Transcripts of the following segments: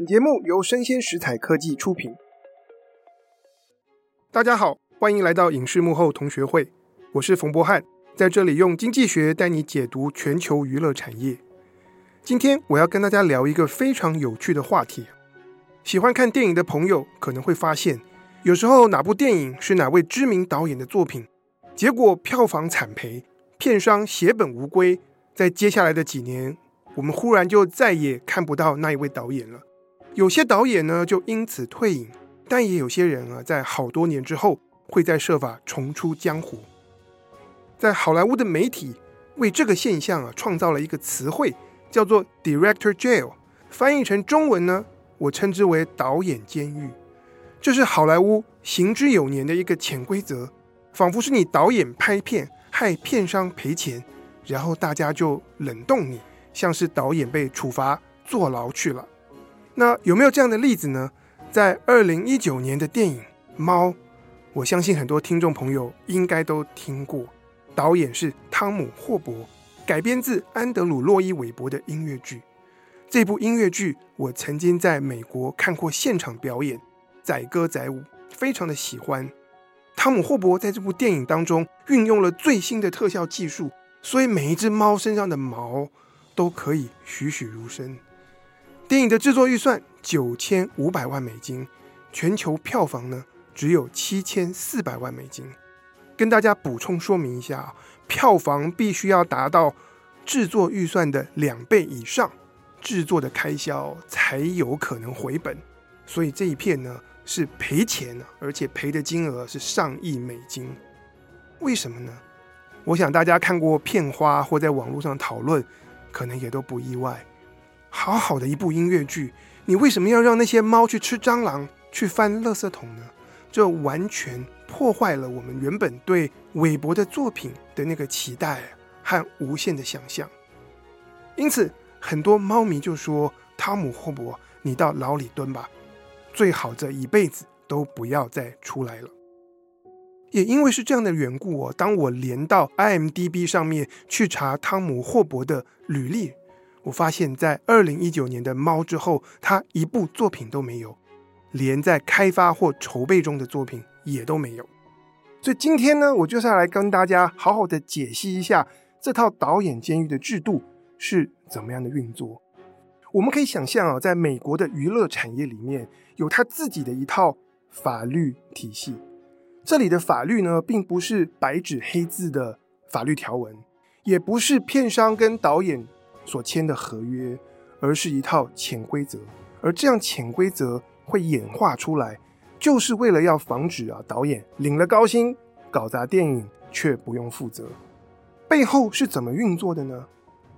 本節目由聲鮮時采科技出品。大家好，歡迎來到影視幕後同學會，我是馮博漢，在這裡用經濟學帶你解讀全球娛樂產業。今天我要跟大家聊一個非常有趣的話題。喜歡看電影的朋友可能會發現，有時候哪部電影是哪位知名導演的作品，結果票房慘賠，片商血本無歸，在接下來的幾年，我們忽然就再也看不到那一位導演了。有些導演呢就因此退隱，但也有些人啊，在好多年之後會再設法重出江湖。在好萊塢的媒體為這個現象啊創造了一個詞彙，叫做 “director jail”，翻譯成中文呢，我稱之為“導演監獄”。這是好萊塢行之有年的一個潛規則，仿佛是你導演拍片害片商賠錢，然後大家就冷凍你，像是導演被處罰坐牢去了。那有沒有這樣的例子呢？在二零一九年的電影《貓》，我相信很多聽眾朋友應該都聽過。導演是湯姆·霍伯，改編自安德魯·洛伊·韋伯的音樂劇。這部音樂劇我曾經在美國看過現場表演，載歌載舞，非常的喜歡。湯姆·霍伯在這部電影當中運用了最新的特效技術，所以每一隻貓身上的毛都可以栩栩如生。電影的製作預算九千五百萬美金，全球票房呢只有七千四百萬美金。跟大家補充說明一下，票房必須要達到製作預算的兩倍以上，製作的開銷才有可能回本。所以這一片呢是賠錢，而且賠的金額是上億美金。為什麼呢？我想大家看過片花或在網絡上討論，可能也都不意外。好好的一部音樂劇，你為什麼要讓那些貓去吃蟑螂、去翻垃圾桶呢？這完全破壞了我們原本對韋伯的作品的那個期待和無限的想象。因此，很多貓迷就說：“湯姆·霍伯，你到牢裡蹲吧，最好這一輩子都不要再出來了。”也因為是這樣的緣故哦，當我連到 IMDB 上面去查湯姆·霍伯的履歷。我發現，在二零一九年的《貓》之後，他一部作品都沒有，連在開發或籌備中的作品也都沒有。所以今天呢，我就是要來跟大家好好的解析一下這套導演監獄的制度是怎麼樣的運作。我們可以想象啊，在美國的娛樂產業裡面有他自己的一套法律體系，這裡的法律呢，並不是白紙黑字的法律條文，也不是片商跟導演。所簽的合約，而是一套潛規則。而這樣潛規則會演化出來，就是為了要防止啊導演領了高薪，搞砸電影卻不用負責。背後是怎麼運作的呢？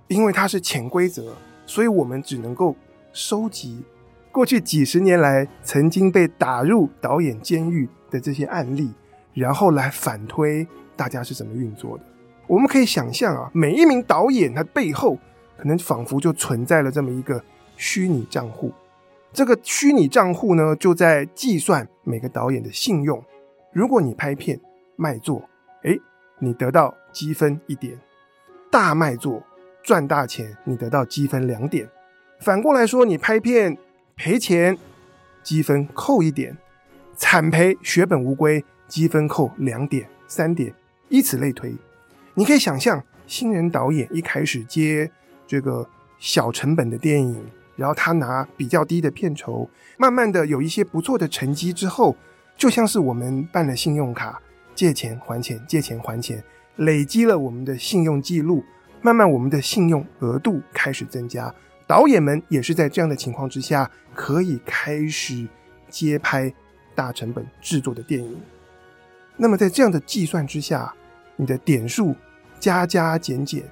因為它是潛規則，所以我們只能夠收集過去幾十年來曾經被打入導演監獄的這些案例，然後來反推大家是怎麼運作的。我們可以想象啊，每一名導演他背後。可能仿佛就存在了這麼一個虛擬賬戶，這個虛擬賬戶呢，就在計算每個導演的信用。如果你拍片賣座，誒，你得到積分一點；大賣座賺大錢，你得到積分兩點。反過來說，你拍片賠錢，積分扣一點；慘賠血本無歸，積分扣兩點、三點，以此類推。你可以想象，新人導演一開始接。這個小成本的電影，然後他拿比較低的片酬，慢慢的有一些不錯的成績之後，就像是我們辦了信用卡，借錢還錢，借錢還錢，累積了我們的信用記錄，慢慢我們的信用額度開始增加。導演們也是在這樣的情況之下，可以開始接拍大成本製作的電影。那麼在這樣的計算之下，你的點數加加減減。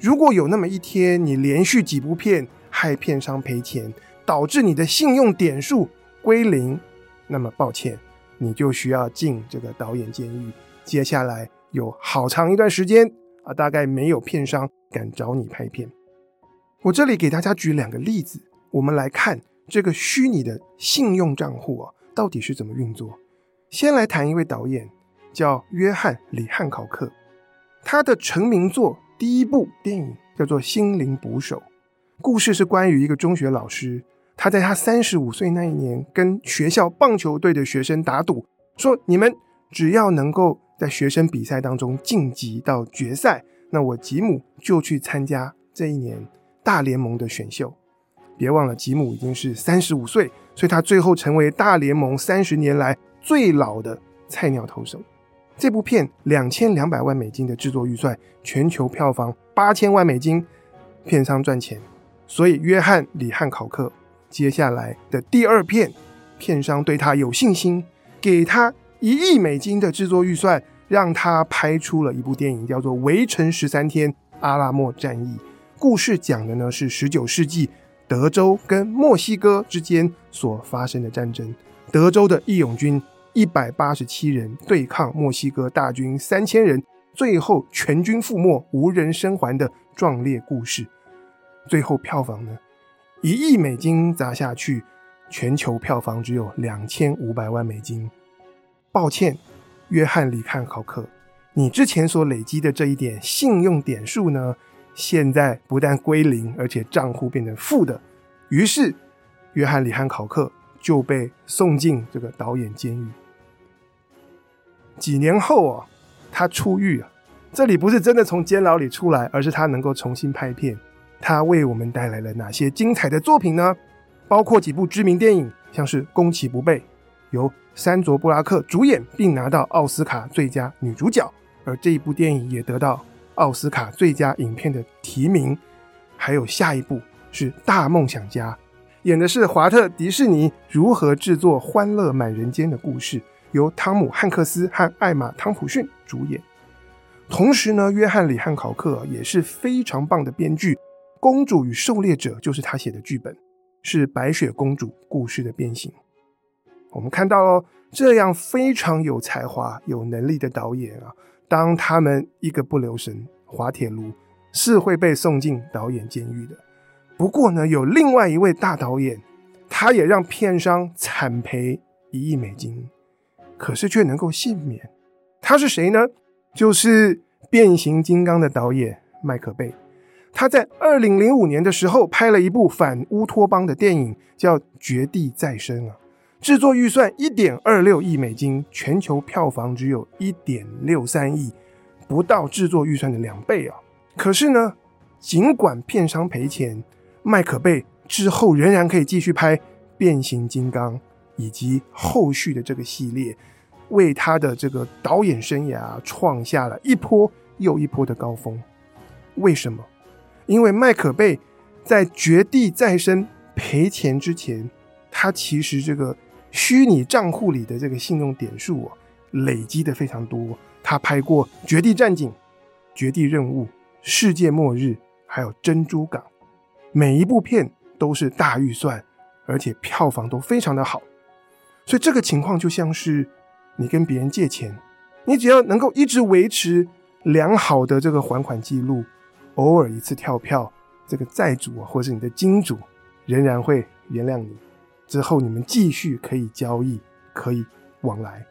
如果有那麼一天，你連續幾部片害片商賠錢，導致你的信用點數歸零，那麼抱歉，你就需要進這個導演監獄。接下來有好長一段時間啊，大概沒有片商敢找你拍片。我這裡給大家舉兩個例子，我們來看這個虛擬的信用賬戶啊，到底是怎麼運作。先來談一位導演，叫約翰·李·漢考克，他的成名作。第一部電影叫做《心靈捕手》，故事是關於一個中學老師，他在他三十五歲那一年，跟學校棒球隊的學生打賭，說你們只要能夠在學生比賽當中晉級到決賽，那我吉姆就去參加這一年大聯盟的選秀。別忘了吉姆已經是三十五歲，所以他最後成為大聯盟三十年來最老的菜鳥投手。這部片兩千兩百萬美金的製作預算，全球票房八千萬美金，片商賺錢。所以約翰·李·漢考克接下來的第二片，片商對他有信心，給他一億美金的製作預算，讓他拍出了一部電影，叫做《圍城十三天：阿拉莫戰役》。故事講的呢是十九世紀德州跟墨西哥之間所發生的戰爭，德州的義勇軍。一百八十七人對抗墨西哥大軍三千人，最後全軍覆沒，無人生還的壯烈故事。最後票房呢？一億美金砸下去，全球票房只有兩千五百萬美金。抱歉，約翰·里漢考克，你之前所累積的這一點信用點數呢？現在不但歸零，而且賬戶變成負的。於是，約翰·里漢考克，就被送進這個導演監獄。幾年後啊，他出獄了。這裡不是真的從監牢裡出來，而是他能夠重新拍片。他為我們帶來了哪些精彩的作品呢？包括幾部知名電影，像是《攻其不備》，由珊卓·布拉克主演，並拿到奧斯卡最佳女主角；而這一部電影也得到奧斯卡最佳影片的提名。還有下一部是《大夢想家》。演的是華特迪士尼如何製作《歡樂滿人間》的故事，由湯姆·漢克斯和艾瑪·湯普遜主演。同時呢，約翰·李·漢考克也是非常棒的編劇，《公主與狩獵者》就是他寫的劇本，是白雪公主故事的變形。我們看到哦，這樣非常有才華、有能力的導演啊，當他們一個不留神，滑鐵盧是會被送進導演監獄的。不過呢，有另外一位大導演，他也讓片商慘賠一億美金，可是卻能夠幸免。他是誰呢？就是《變形金剛》的導演麥克貝。他在二零零五年的時候拍了一部反烏托邦的電影，叫《絕地再生》啊。制作預算一點二六億美金，全球票房只有一點六三億，不到制作預算的兩倍啊。可是呢，儘管片商賠錢。麥可貝之後仍然可以繼續拍《變形金剛》以及後續的這個系列，為他的這個導演生涯創下了一波又一波的高峰。為什麼？因為麥可貝在《絕地再生》賠錢之前，他其實這個虛擬賬戶裡的這個信用點數啊，累積得非常多。他拍過《絕地戰警》《絕地任務》《世界末日》，還有《珍珠港》。每一部片都是大預算，而且票房都非常的好，所以這個情況就像是你跟別人借錢，你只要能夠一直維持良好的這個還款記錄，偶爾一次跳票，這個債主啊，或者是你的金主仍然會原諒你，之後你們繼續可以交易，可以往來。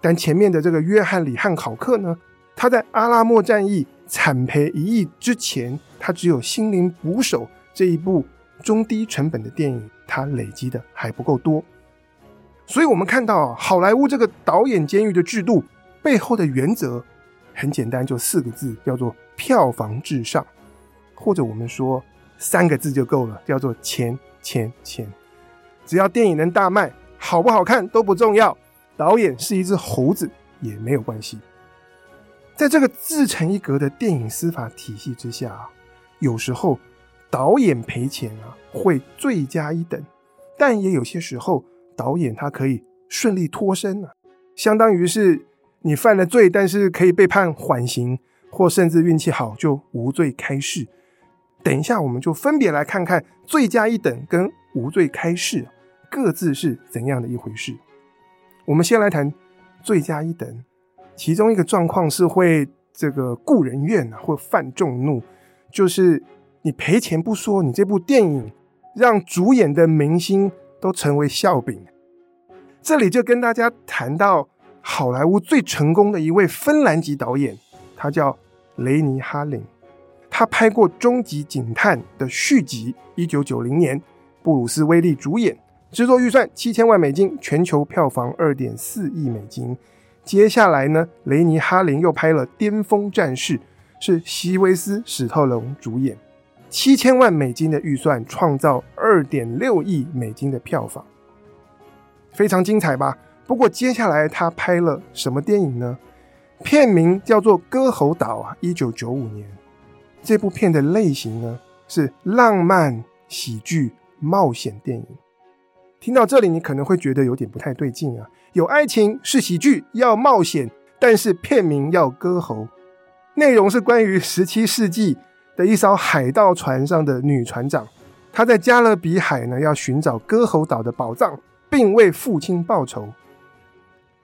但前面的這個約翰·李·漢考克呢，他在阿拉莫戰役慘賠一億之前，他只有心靈捕手。這一部中低成本的電影，它累積的還不夠多，所以我們看到啊，好萊塢這個導演監獄的制度背後的原則很簡單，就四個字，叫做票房至上，或者我們說三個字就夠了，叫做錢錢錢。只要電影能大賣，好不好看都不重要，導演是一只猴子也沒有關係。在這個自成一格的電影司法體系之下啊，有時候。導演賠錢啊，會罪加一等，但也有些時候導演他可以順利脫身啊，相當於是你犯了罪，但是可以被判緩刑，或甚至運氣好就無罪開釋。等一下我們就分別來看看罪加一等跟無罪開釋各自是怎樣的一回事。我們先來談罪加一等，其中一個狀況是會這個顧人怨啊，或犯眾怒，就是。你賠錢不說，你這部電影讓主演的明星都成為笑柄。這裡就跟大家談到好萊塢最成功的一位芬蘭籍導演，他叫雷尼·哈林。他拍過《終極警探》的續集，一九九零年，布魯斯·威利主演，制作預算七千萬美金，全球票房二點四億美金。接下來呢，雷尼·哈林又拍了《巔峰戰士》，是席維斯·史特龍主演。七千萬美金的預算，創造二點六億美金的票房，非常精彩吧？不過接下來他拍了什麼電影呢？片名叫做《割喉島》啊，一九九五年。這部片的類型呢是浪漫喜劇冒險電影。聽到這裡，你可能會覺得有點不太對勁啊，有愛情是喜劇要冒險，但是片名要割喉，內容是關於十七世紀。的一艘海盜船上的女船長，她在加勒比海呢，要尋找割喉島的寶藏，並為父親報仇。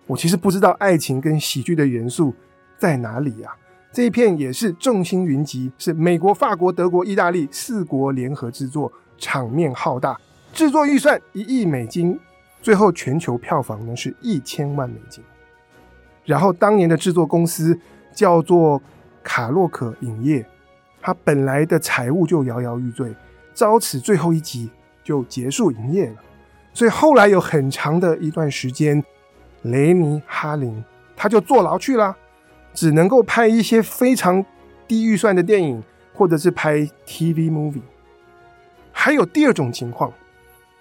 我其實不知道愛情跟喜劇的元素在哪裡啊，這一片也是眾星雲集，是美國、法國、德國、意大利四國聯合制作，場面浩大，制作預算一億美金，最後全球票房呢是一千萬美金。然後當年的制作公司叫做卡洛克影業。他本來的財務就搖搖欲墜，遭此最後一擊就結束營業了。所以後來有很長的一段時間，雷尼·哈林他就坐牢去了，只能夠拍一些非常低預算的電影，或者是拍 TV movie。還有第二種情況，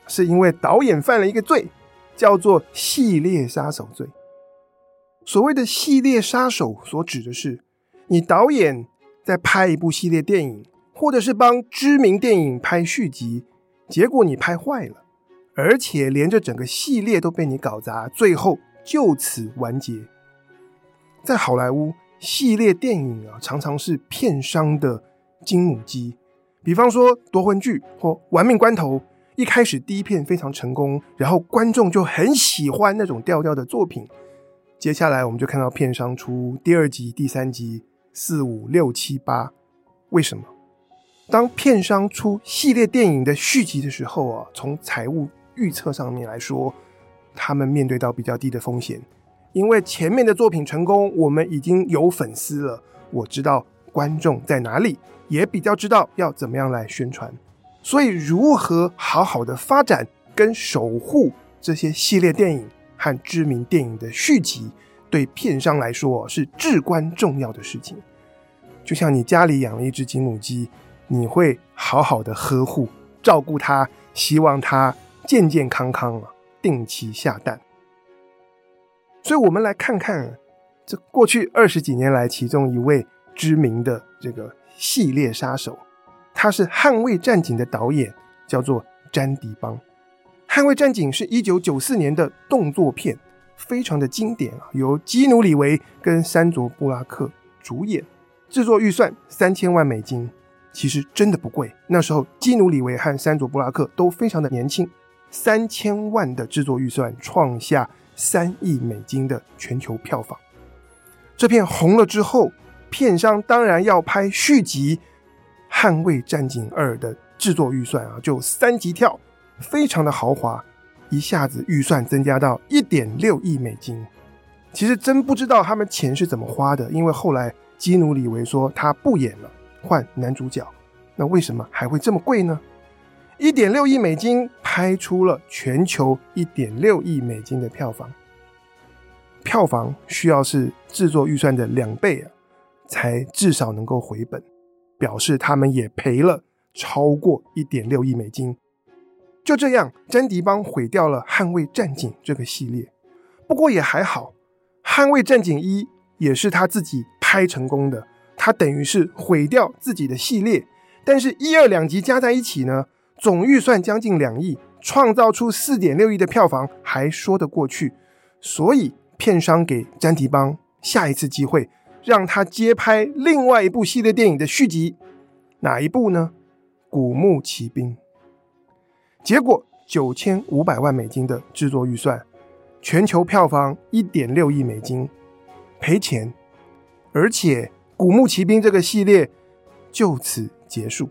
是因為導演犯了一個罪，叫做系列殺手罪。所謂的系列殺手所指的是，你導演。在拍一部系列電影，或者是幫知名電影拍續集，結果你拍壞了，而且連着整個系列都被你搞砸，最後就此完結。在好萊塢，系列電影啊常常是片商的金母雞。比方說奪魂鋸或玩命關頭，一開始第一片非常成功，然後觀眾就很喜歡那種調調的作品，接下來我們就看到片商出第二集、第三集。四五六七八，為什麼？當片商出系列電影的續集的時候啊，從財務預測上面來說，他們面對到比較低的風險，因為前面的作品成功，我們已經有粉絲了，我知道觀眾在哪裡，也比較知道要怎麼樣來宣傳，所以如何好好的發展跟守護這些系列電影和知名電影的續集，對片商來說是至關重要的事情，就像你家裡養了一隻金母雞，你會好好的呵護、照顧它，希望它健健康康啊，定期下蛋。所以，我們來看看這過去二十幾年來，其中一位知名的這個系列殺手，他是《捍衛戰警》的導演，叫做詹迪邦，《捍衛戰警》是一九九四年的動作片。非常的經典啊，由基努·里維跟山卓·布拉克主演，製作預算三千萬美金，其實真的不貴。那時候基努·里維和山卓·布拉克都非常的年輕，三千萬的製作預算創下三億美金的全球票房。這片紅了之後，片商當然要拍續集，《捍衛戰警二》的製作預算啊就三級跳，非常的豪華。一下子預算增加到一點六億美金，其實真不知道他們錢是怎麼花的，因為後來基努·李維說他不演了，換男主角，那為什麼還會這麼貴呢？一點六億美金拍出了全球一點六億美金的票房，票房需要是制作預算的兩倍啊，才至少能夠回本，表示他們也賠了超過一點六億美金。就這樣，詹迪邦毀掉了《捍衛戰警》這個系列。不過也還好，《捍衛戰警》一也是他自己拍成功的，他等於是毀掉自己的系列。但是，一二兩集加在一起呢，總預算將近兩億，創造出四點六億的票房還說得過去。所以，片商給詹迪邦下一次機會，讓他接拍另外一部系列電影的續集，哪一部呢？《古墓奇兵》。結果九千五百萬美金的制作預算，全球票房一點六億美金，賠錢，而且《古墓奇兵》這個系列就此結束。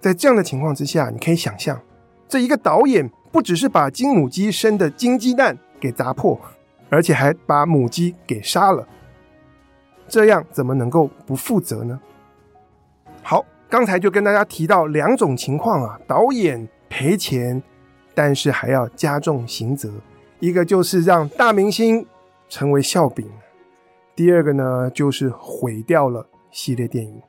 在這樣的情況之下，你可以想象，這一個導演不只是把金母雞生的金雞蛋給砸破，而且還把母雞給殺了，這樣怎麼能夠不負責呢？好，剛才就跟大家提到兩種情況啊，導演。賠錢，但是還要加重刑責。一個就是讓大明星成為笑柄，第二個呢就是毀掉了系列電影。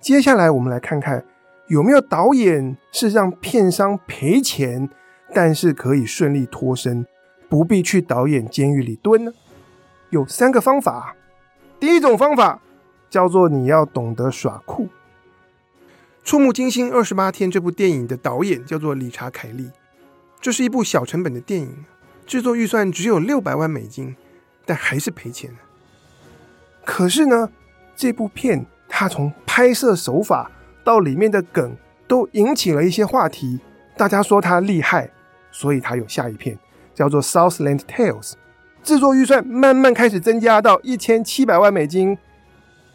接下來我們來看看有沒有導演是讓片商賠錢，但是可以順利脫身，不必去導演監獄裡蹲呢？有三個方法。第一種方法叫做你要懂得耍酷。觸目驚心，二十八天這部電影的導演叫做理查·凱利。這是一部小成本的電影，制作預算只有六百萬美金，但還是賠錢。可是呢，這部片它從拍攝手法到裡面的梗都引起了一些話題，大家說它厲害，所以它有下一片叫做《Southland Tales》，制作預算慢慢開始增加到一千七百萬美金，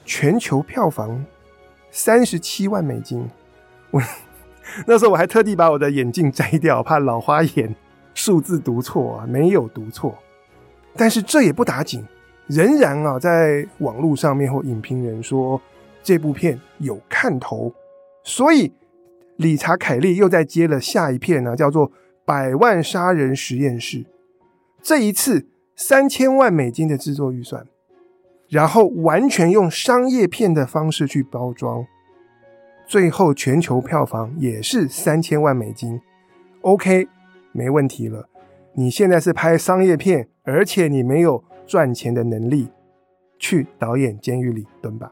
全球票房。三十七萬美金，我 那時候我還特地把我的眼鏡摘掉，怕老花眼，數字讀錯啊，沒有讀錯。但是這也不打緊，仍然啊，在網絡上面或影評人說這部片有看頭，所以理查·凱利又再接了下一片呢，啊，叫做《百萬殺人實驗室》，這一次三千萬美金的制作預算。然後完全用商業片的方式去包裝，最後全球票房也是三千萬美金，OK，沒問題了。你現在是拍商業片，而且你沒有賺錢的能力，去導演監獄裡蹲吧。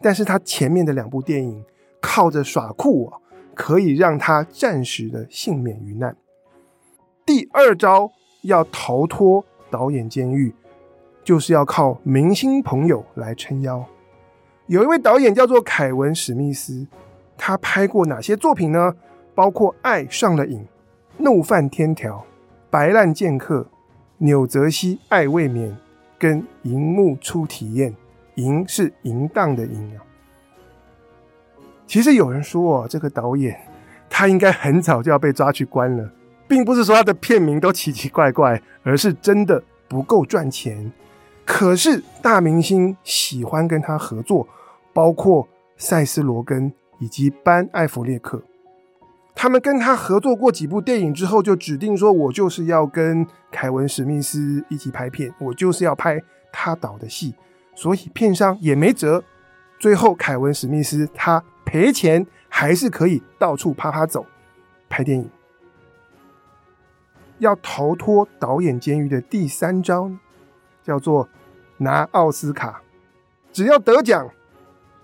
但是他前面的兩部電影靠着耍酷可以讓他暫時的幸免於難。第二招要逃脫導演監獄。就是要靠明星朋友來撐腰。有一位導演叫做凱文·史密斯，他拍過哪些作品呢？包括《愛上了癮》、《怒犯天條》、《白爛賤客》、《紐澤西愛未眠》跟《銀幕初體驗》。銀是淫蕩的銀。其實有人說哦，這個導演他應該很早就要被抓去關了，並不是說他的片名都奇奇怪怪，而是真的不夠賺錢。可是大明星喜歡跟他合作，包括塞斯·羅根以及班·艾弗列克，他們跟他合作過幾部電影之後，就指定說：“我就是要跟凱文·史密斯一起拍片，我就是要拍他導的戲。”所以片商也沒轍。最後，凱文·史密斯他賠錢還是可以到處趴趴走，拍電影。要逃脫導演監獄的第三招。叫做拿奧斯卡，只要得獎，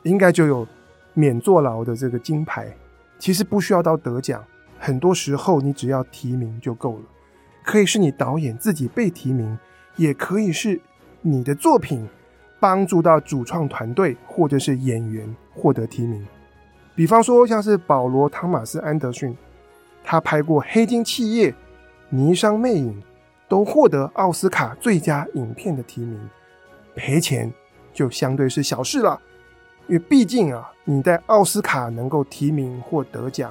應該就有免坐牢的這個金牌。其實不需要到得獎，很多時候你只要提名就夠了。可以是你導演自己被提名，也可以是你的作品幫助到主創團隊或者是演員獲得提名。比方說像是保羅·湯馬斯·安德遜，他拍過《黑金企業》、《霓裳魅影》。都獲得奧斯卡最佳影片的提名，賠錢就相對是小事了。因為畢竟啊，你在奧斯卡能夠提名或得獎，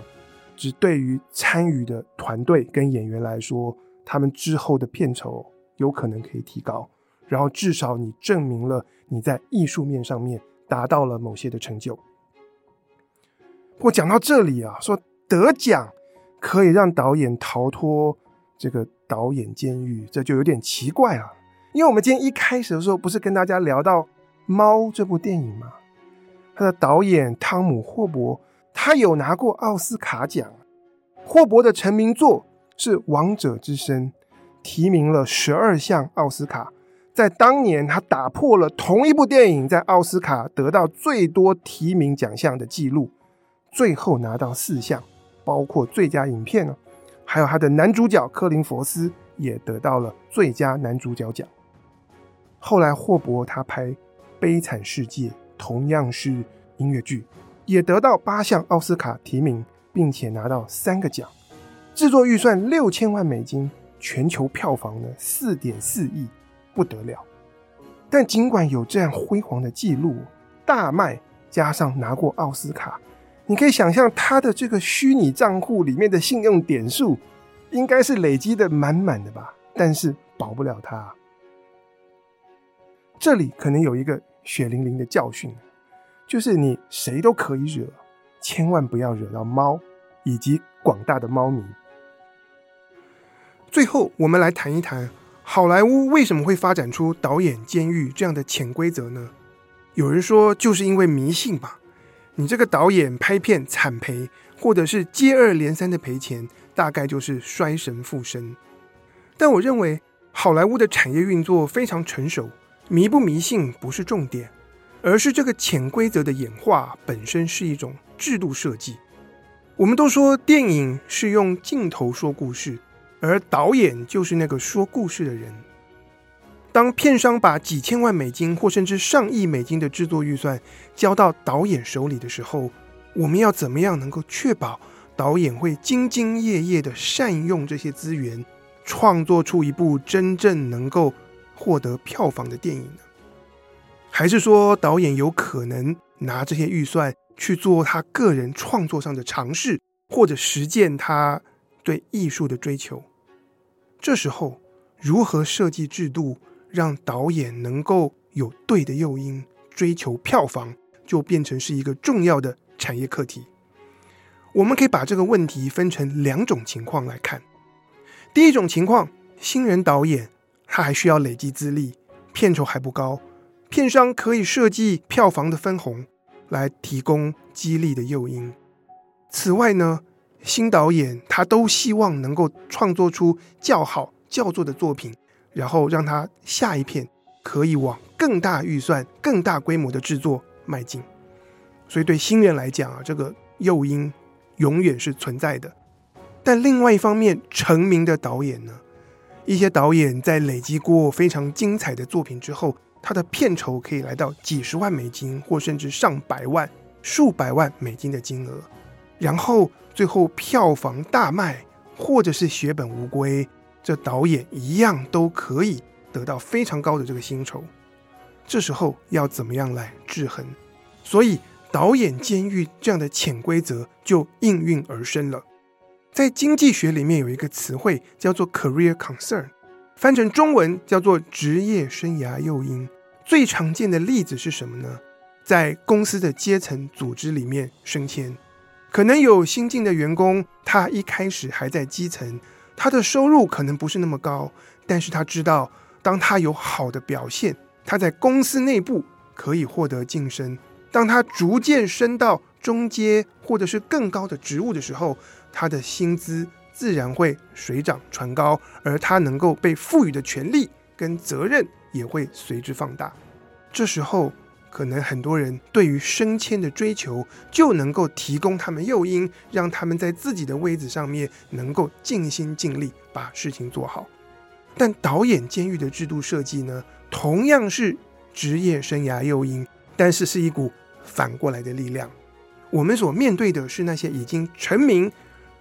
只對於參與的團隊跟演員來說，他們之後的片酬有可能可以提高，然後至少你證明了你在藝術面上面達到了某些的成就。不過講到這裡啊，說得獎可以讓導演逃脫這個導演監獄，這就有點奇怪了啊，因為我們今天一開始的時候不是跟大家聊到《貓》這部電影嗎？他的導演湯姆·霍伯，他有拿過奧斯卡獎。霍伯的成名作是《王者之聲》，提名了十二項奧斯卡，在當年他打破了同一部電影在奧斯卡得到最多提名獎項的記錄，最後拿到四項，包括最佳影片哦啊。還有他的男主角柯林·佛斯也得到了最佳男主角獎。後來霍伯他拍《悲慘世界》，同樣是音樂劇，也得到八項奧斯卡提名，並且拿到三個獎。制作預算六千萬美金，全球票房呢四點四億，不得了。但儘管有這樣輝煌的記錄，大賣加上拿過奧斯卡。你可以想象，他的這個虛擬賬戶裡面的信用點數，應該是累積的滿滿的吧？但是保不了他。這裡可能有一個血淋淋的教訓，就是你誰都可以惹，千萬不要惹到貓以及廣大的貓迷。最後，我們來談一談好萊塢為什麼會發展出導演監獄這樣的潛規則呢？有人說，就是因為迷信吧。你這個導演拍片慘賠，或者是接二連三的賠錢，大概就是衰神附身。但我認為，好萊塢的產業運作非常成熟，迷不迷信不是重點，而是這個潛規則的演化本身是一種制度設計。我們都說電影是用鏡頭說故事，而導演就是那個說故事的人。當片商把幾千萬美金或甚至上億美金的制作預算交到導演手裡的時候，我們要怎麼樣能夠確保導演會兢兢業業地善用這些資源，創作出一部真正能夠獲得票房的電影呢？還是說導演有可能拿這些預算去做他個人創作上的嘗試，或者實踐他對藝術的追求？這時候如何設計制度？讓導演能夠有對的誘因追求票房，就變成是一個重要的產業課題。我們可以把這個問題分成兩種情況來看。第一種情況，新人導演他還需要累積資歷，片酬還不高，片商可以設計票房的分紅來提供激勵的誘因。此外呢，新導演他都希望能夠創作出叫好叫座的作品。然後讓他下一片可以往更大預算、更大規模的制作邁進。所以對新人來講啊，這個誘因永遠是存在的。但另外一方面，成名的導演呢，一些導演在累積過非常精彩的作品之後，他的片酬可以來到幾十萬美金或甚至上百萬、數百萬美金的金額。然後最後票房大賣，或者是血本無歸。這導演一樣都可以得到非常高的這個薪酬，這時候要怎麼樣來制衡？所以導演監獄這樣的潛規則就應運而生了。在經濟學裡面有一個詞彙叫做 career concern，翻成中文叫做職業生涯誘因。最常見的例子是什麼呢？在公司的階層組織裡面升遷，可能有新進的員工，他一開始還在基層。他的收入可能不是那麼高，但是他知道，當他有好的表現，他在公司內部可以獲得晉升。當他逐漸升到中階或者是更高的職務的時候，他的薪資自然會水漲船高，而他能夠被賦予的權利跟責任也會隨之放大。這時候，可能很多人對於升遷的追求就能夠提供他們誘因，讓他們在自己的位置上面能夠盡心盡力把事情做好。但導演監獄的制度設計呢，同樣是職業生涯誘因，但是是一股反過來的力量。我們所面對的是那些已經成名，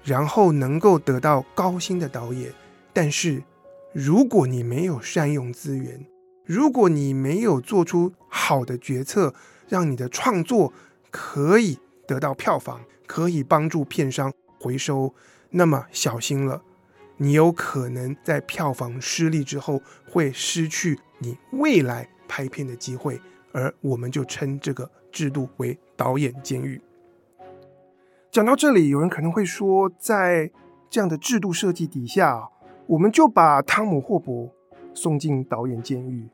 然後能夠得到高薪的導演。但是，如果你沒有善用資源，如果你沒有做出好的決策，讓你的創作可以得到票房，可以幫助片商回收，那麼小心了，你有可能在票房失利之後會失去你未來拍片的機會，而我們就稱這個制度為導演監獄。講到這裡，有人可能會說，在這樣的制度設計底下，我們就把湯姆·霍伯送進導演監獄，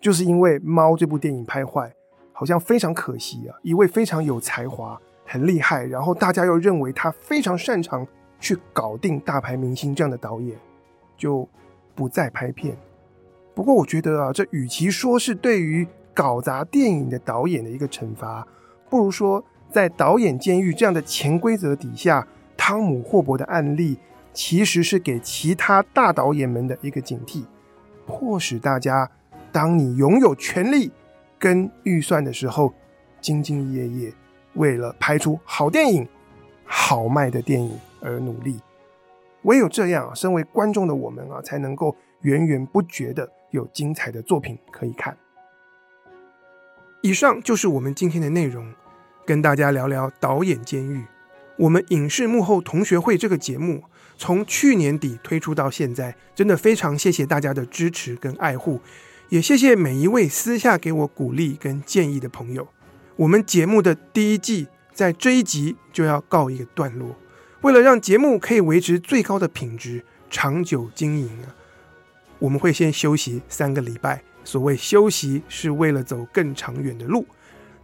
就是因為《貓》這部電影拍壞，好像非常可惜啊！一位非常有才華、很厲害，然後大家又認為他非常擅長去搞定大牌明星這樣的導演，就不再拍片。不過我覺得啊，這與其說是對於搞砸電影的導演的一個懲罰，不如說在導演監獄這樣的潛規則底下，湯姆·霍伯的案例其實是給其他大導演們的一個警惕。迫使大家，當你擁有權力跟預算的時候，兢兢業業，業，為了拍出好電影、好賣的電影而努力。唯有這樣，身為觀眾的我們啊，才能夠源源不絕的有精彩的作品可以看。以上就是我們今天的內容，跟大家聊聊導演監獄。我們影視幕後同學會這個節目，從去年底推出到現在，真的非常謝謝大家的支持跟愛護，也謝謝每一位私下給我鼓勵跟建議的朋友。我們節目的第一季在這一集就要告一個段落，為了讓節目可以維持最高的品質，長久經營啊，我們會先休息三個禮拜。所謂休息，是為了走更長遠的路。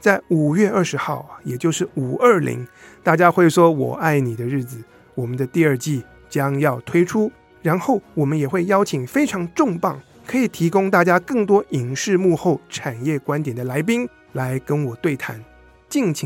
在五月二十號，也就是五二零，大家會說我愛你的日子，我們的第二季將要推出，然後我們也會邀請非常重磅，可以提供大家更多影視幕後產業觀點的來賓來跟我對談，敬請。